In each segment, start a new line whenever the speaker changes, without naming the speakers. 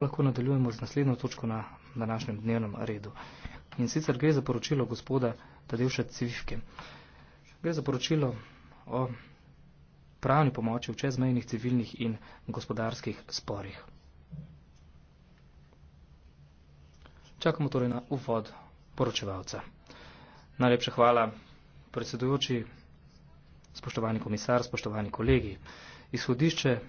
lahko nadaljujemo z naslednjo točko na današnjem dnevnem redu. In sicer gre za poročilo gospoda Tadevša Civivke. Gre za poročilo o pravni pomoči v čezmejnih civilnih in gospodarskih sporih. Čakamo torej na uvod poročevalca. Najlepša hvala, predsedujoči, spoštovani komisar, spoštovani kolegi. Izhodišče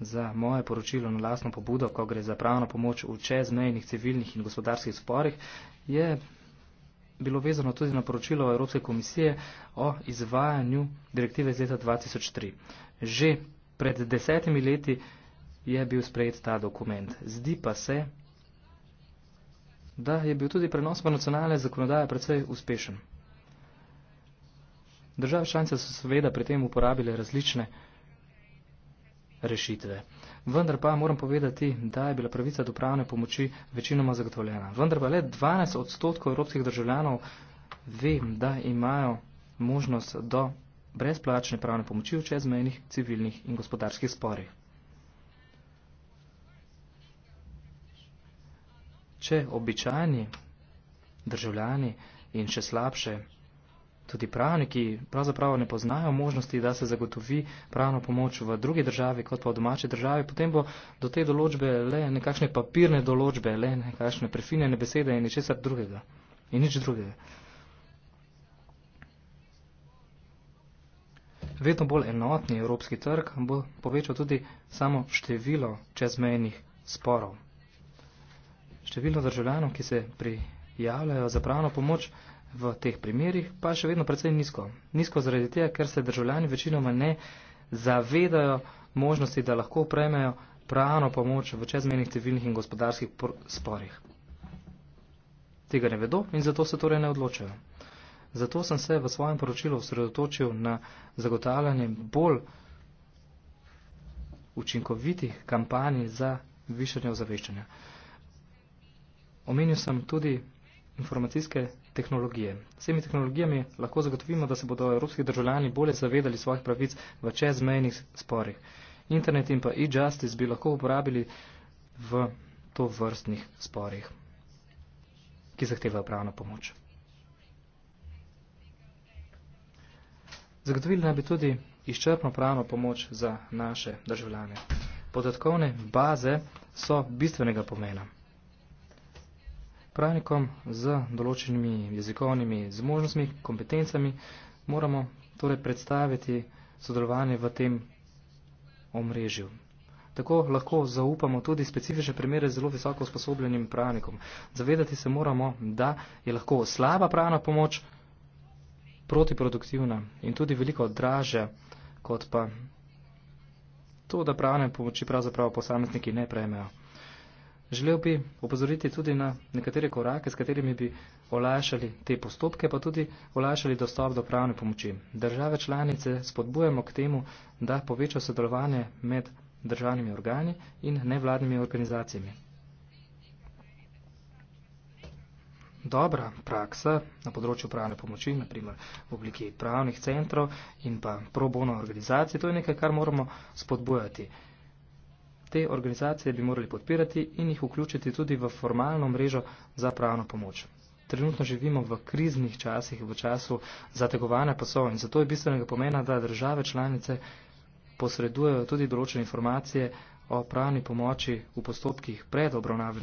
za moje poročilo na lasno pobudo, ko gre za pravno pomoč v čezmejnih civilnih in gospodarskih sporih, je bilo vezano tudi na poročilo Evropske komisije o izvajanju direktive iz leta 2003. Že pred desetimi leti je bil sprejet ta dokument. Zdi pa se, da je bil tudi prenos v nacionalne zakonodaje predvsej uspešen. Države članice so seveda pri tem uporabile različne rešitve. Vendar pa moram povedati, da je bila pravica do pravne pomoči večinoma zagotovljena. Vendar pa le 12 odstotkov evropskih državljanov vem, da imajo možnost do brezplačne pravne pomoči v čezmejnih civilnih in gospodarskih sporih. Če običajni državljani in še slabše državljani, Tudi pravniki pravzaprav ne poznajo možnosti, da se zagotovi pravno pomoč v drugi državi, kot pa v domači državi. Potem bo do te določbe le nekakšne papirne določbe, le nekakšne prefinjene besede in ničesar drugega. In nič drugega. Vedno bolj enotni evropski trg bo povečal tudi samo število čezmejnih sporov. Število državljanov, ki se pri javljajo za pravno pomoč v teh primerjih, pa še vedno predvsej nizko. Nizko zaradi tega, ker se državljani večinoma ne zavedajo možnosti, da lahko prejmejo pravno pomoč v čezmenih civilnih in gospodarskih sporih. Tega ne vedo in zato se torej ne odločajo. Zato sem se v svojem poročilu osredotočil na zagotavljanje bolj učinkovitih kampanj za višanje ozaveščanja. Omenil sem tudi informacijske tehnologije. S temi tehnologijami lahko zagotovimo, da se bodo evropski državljani bolje zavedali svojih pravic v čezmejnih sporih. Internet in pa e-justice bi lahko uporabili v to vrstnih sporih, ki zahtevajo pravno pomoč. Zagotovili naj bi tudi izčrpno pravno pomoč za naše državljane. Podatkovne baze so bistvenega pomena pravnikom z določenimi jezikovnimi zmožnostmi, kompetencami, moramo torej predstaviti sodelovanje v tem omrežju. Tako lahko zaupamo tudi specifične primere zelo visoko usposobljenim pravnikom. Zavedati se moramo, da je lahko slaba pravna pomoč protiproduktivna in tudi veliko draže, kot pa to, da pravne pomoči pravzaprav posamezniki ne prejmejo. Želel bi opozoriti tudi na nekatere korake, s katerimi bi olajšali te postopke, pa tudi olajšali dostop do pravne pomoči. Države članice spodbujamo k temu, da poveča sodelovanje med državnimi organi in nevladnimi organizacijami. Dobra praksa na področju pravne pomoči, naprimer v obliki pravnih centrov in pa pro bono organizacij, to je nekaj, kar moramo spodbujati te organizacije bi morali podpirati in jih vključiti tudi v formalno mrežo za pravno pomoč. Trenutno živimo v kriznih časih, v času zategovanja pasov in zato je bistvenega pomena, da države članice posredujejo tudi določene informacije o pravni pomoči v postopkih pred obravnave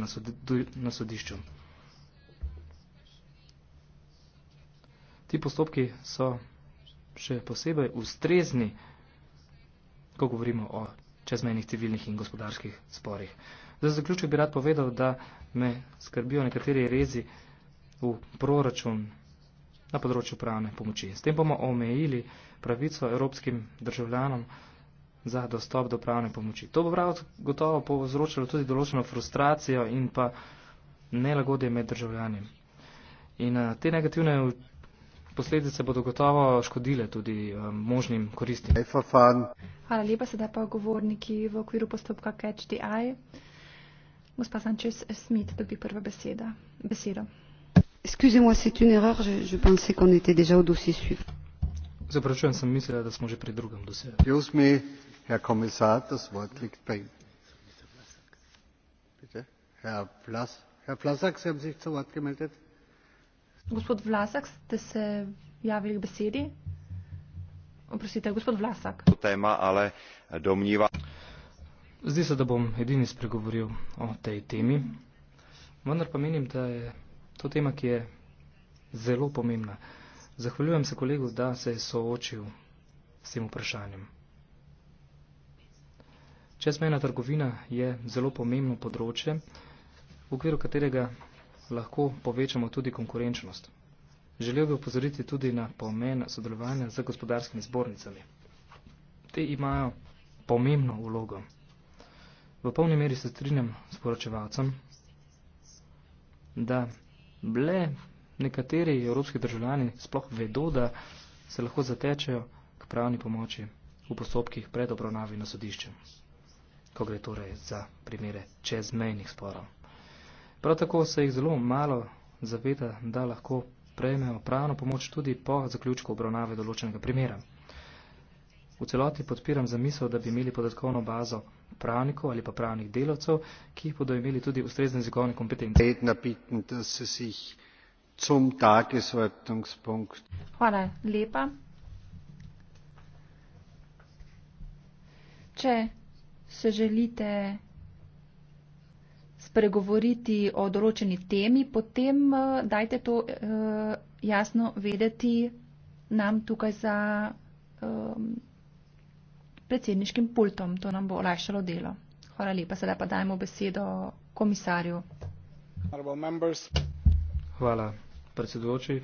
na sodišču. Ti postopki so še posebej ustrezni, ko govorimo o čezmejnih civilnih in gospodarskih sporih. Za zaključek bi rad povedal, da me skrbijo nekateri rezi v proračun na področju pravne pomoči. S tem bomo omejili pravico evropskim državljanom za dostop do pravne pomoči. To bo pravot gotovo povzročilo tudi določeno frustracijo in pa nelagodje med državljanjem. In eh, te negativne posledice bodo gotovo škodile tudi um, možnim koristim.
Hvala lepa, sedaj pa govorniki v okviru postopka Catch the Eye. Gospa Sančes Smit dobi prvo beseda. besedo. Excusez-moi, c'est une erreur, je, je pensais qu'on était déjà au dossier suivant.
Zapračujem, sem mislila, da smo že pri drugem dosedu. Me, herr Kommissar, das Wort liegt bei Ihnen. Bitte? Herr Plasak, Herr Plasak, Sie haben sich zu Wort gemeldet?
Gospod Vlasak, ste se javili k besedi? Oprostite, gospod Vlasak.
Tema, ale domniva. Zdi se, da bom edini spregovoril o tej temi, vendar pa menim, da je to tema, ki je zelo pomembna. Zahvaljujem se kolegu, da se je soočil s tem vprašanjem. Čezmejna trgovina je zelo pomembno področje, v okviru katerega lahko povečamo tudi konkurenčnost. Želel bi upozoriti tudi na pomen sodelovanja z gospodarskimi zbornicami. Te imajo pomembno vlogo. V polni meri se strinjam s poročevalcem, da ble nekateri evropski državljani sploh vedo, da se lahko zatečejo k pravni pomoči v postopkih pred obravnavi na sodišče, ko gre torej za primere čezmejnih sporov. Prav tako se jih zelo malo zaveda, da lahko prejmejo pravno pomoč tudi po zaključku obravnave določenega primera. V celoti podpiram zamisel, da bi imeli podatkovno bazo pravnikov ali pa pravnih delavcev, ki jih bodo imeli tudi ustrezne zakonske kompetence.
Hvala lepa. Če se želite spregovoriti o določeni temi, potem eh, dajte to eh, jasno vedeti nam tukaj za ehm, predsedniškim pultom. To nam bo olajšalo delo. Hvala lepa. Sedaj pa dajmo besedo komisarju.
Hvala predsedujoči,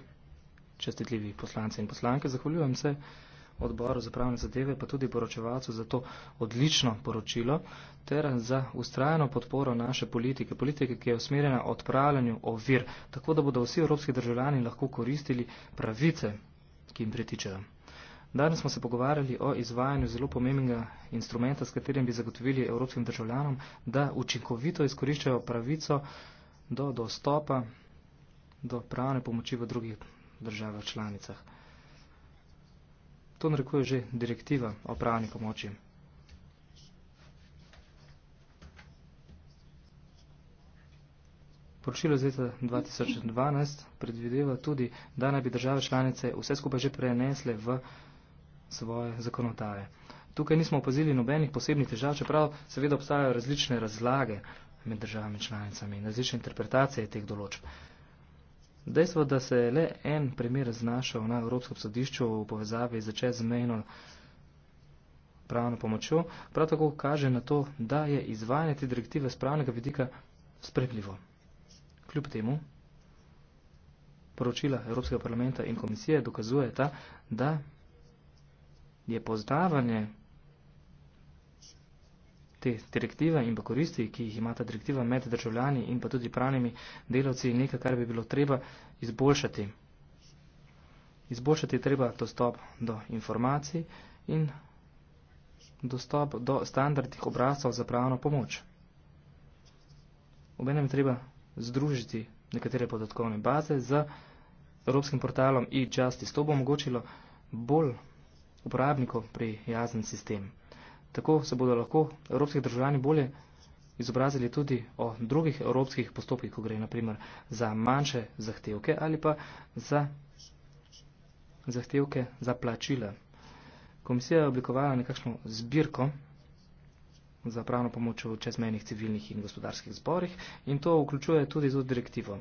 čestitljivi poslanci in poslanke. Zahvaljujem se odboru za pravne zadeve, pa tudi poročevalcu za to odlično poročilo ter za ustrajeno podporo naše politike, politike, ki je usmerjena odpravljanju ovir, tako da bodo vsi evropski državljani lahko koristili pravice, ki jim pritičejo. Danes smo se pogovarjali o izvajanju zelo pomembnega instrumenta, s katerim bi zagotovili evropskim državljanom, da učinkovito izkoriščajo pravico do dostopa do pravne pomoči v drugih državah članicah. To narekuje že direktiva o pravni pomoči. Poročilo iz leta 2012 predvideva tudi, da naj bi države članice vse skupaj že prenesle v svoje zakonodaje. Tukaj nismo opazili nobenih posebnih težav, čeprav seveda obstajajo različne razlage med državami članicami in različne interpretacije teh določb. Dejstvo, da se je le en primer znašel na Evropskem sodišču v povezavi z čezmejno pravno pomočjo, prav tako kaže na to, da je izvajanje te direktive z pravnega vidika spremljivo. Kljub temu, poročila Evropskega parlamenta in komisije dokazuje ta, da je poznavanje te direktive in pa koristi, ki jih ima ta direktiva med državljani in pa tudi pravnimi delavci, nekaj, kar bi bilo treba izboljšati. Izboljšati je treba dostop do informacij in dostop do standardnih obrazov za pravno pomoč. Obenem je treba združiti nekatere podatkovne baze z Evropskim portalom e-Justice. To bo omogočilo bolj uporabnikov prijazen sistem. Tako se bodo lahko evropskih državljani bolje izobrazili tudi o drugih evropskih postopkih, ko gre naprimer za manjše zahtevke ali pa za zahtevke za plačila. Komisija je oblikovala nekakšno zbirko za pravno pomoč v čezmenih civilnih in gospodarskih zborih in to vključuje tudi to direktivo.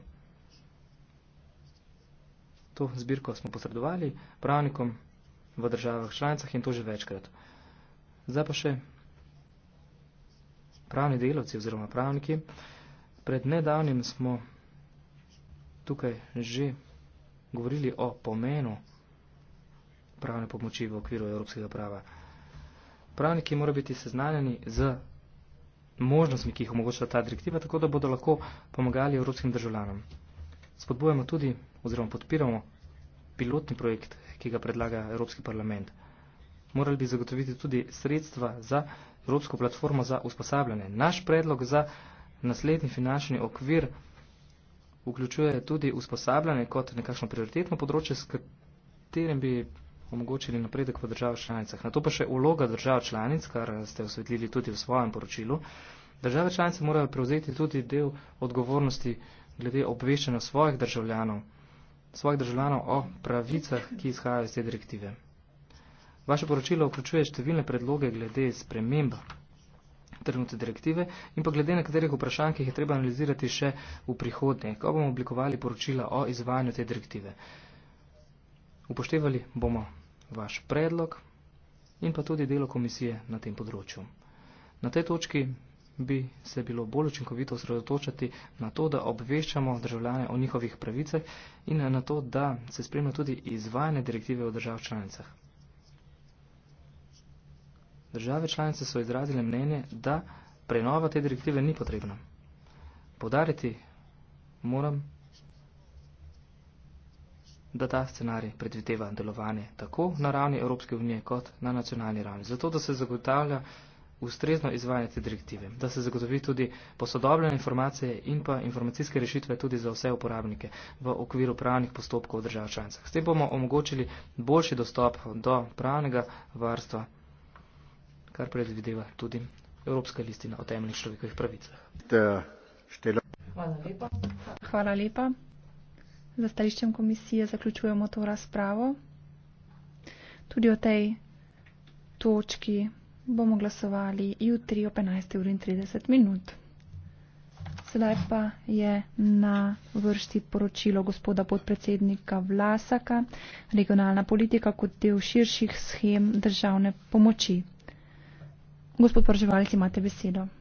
To zbirko smo posredovali pravnikom v državah članicah in to že večkrat. Zdaj pa še pravni delavci oziroma pravniki. Pred nedavnim smo tukaj že govorili o pomenu pravne pomoči v okviru evropskega prava. Pravniki morajo biti seznanjeni z možnostmi, ki jih omogoča ta direktiva, tako da bodo lahko pomagali evropskim državljanom. Spodbujamo tudi oziroma podpiramo pilotni projekt, ki ga predlaga Evropski parlament morali bi zagotoviti tudi sredstva za Evropsko platformo za usposabljanje. Naš predlog za naslednji finančni okvir vključuje tudi usposabljanje kot nekakšno prioritetno področje, s katerim bi omogočili napredek v državah članicah. Na to pa še uloga držav članic, kar ste osvetlili tudi v svojem poročilu. Države članice morajo prevzeti tudi del odgovornosti glede obveščanja svojih državljanov, svojih državljanov o pravicah, ki izhajajo iz te direktive. Vaše poročilo vključuje številne predloge glede sprememba trenutne direktive in pa glede nekaterih vprašanj, ki jih je treba analizirati še v prihodnje, ko bomo oblikovali poročila o izvajanju te direktive. Upoštevali bomo vaš predlog in pa tudi delo komisije na tem področju. Na tej točki bi se bilo bolj učinkovito osredotočati na to, da obveščamo državljane o njihovih pravicah in na to, da se spremlja tudi izvajanje direktive v držav članicah. Države članice so izrazile mnenje, da prenova te direktive ni potrebna. Podariti moram, da ta scenarij predvideva delovanje tako na ravni Evropske unije kot na nacionalni ravni. Zato, da se zagotavlja ustrezno izvajanje te direktive, da se zagotovi tudi posodobljene informacije in pa informacijske rešitve tudi za vse uporabnike v okviru pravnih postopkov v državah članicah. S tem bomo omogočili boljši dostop do pravnega varstva kar predvideva tudi Evropska listina o temeljnih človekovih
pravicah. Hvala lepa. Hvala lepa. Za stališčem komisije zaključujemo to razpravo. Tudi o tej točki bomo glasovali jutri o 15.30 minut. Sedaj pa je na vršti poročilo gospoda podpredsednika Vlasaka, regionalna politika kot del širših schem državne pomoči. Gospod Prževalec, imate besedo.